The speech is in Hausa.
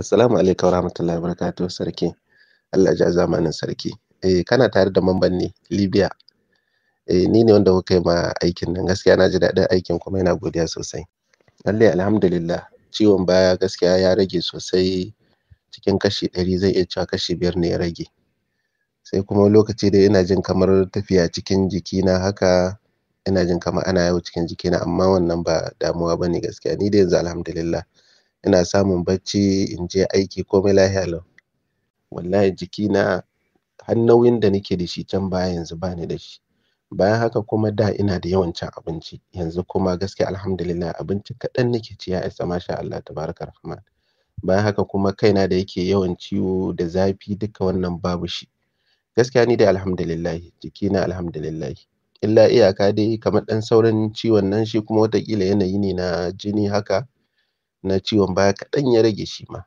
Assalamu alaikum wa rahmatullahi wa barakatuh sarki. Allah ja zamanin sarki. Eh kana tare da mamban ne Libya. Eh ni ne wanda kuka yi ma aikin nan gaskiya na ji daɗin aikin kuma ina godiya sosai. Lalle alhamdulillah ciwon baya gaskiya ya rage sosai cikin kashi ɗari zai iya cewa kashi biyar ne ya rage. Sai kuma lokaci da ina jin kamar tafiya cikin jikina haka ina jin kamar ana yawo cikin jikina amma wannan ba damuwa bane gaskiya ni dai yanzu alhamdulillah. ina samun bacci in je aiki komai lafiya lau wallahi jikina har nauyin da nake da shi can baya yanzu ba ni da shi bayan haka kuma da ina da yawan cin abinci yanzu kuma gaskiya alhamdulillah abinci kaɗan nake ci ya isa masha Allah tabaraka rahman bayan haka kuma kaina da yake yawan ciwo da zafi duka wannan babu shi gaskiya ni dai alhamdulillah jikina alhamdulillah illa iyaka dai kamar ɗan sauran ciwon nan shi kuma watakila yanayi ne na jini haka na ciwon baya kaɗan ya rage shi ma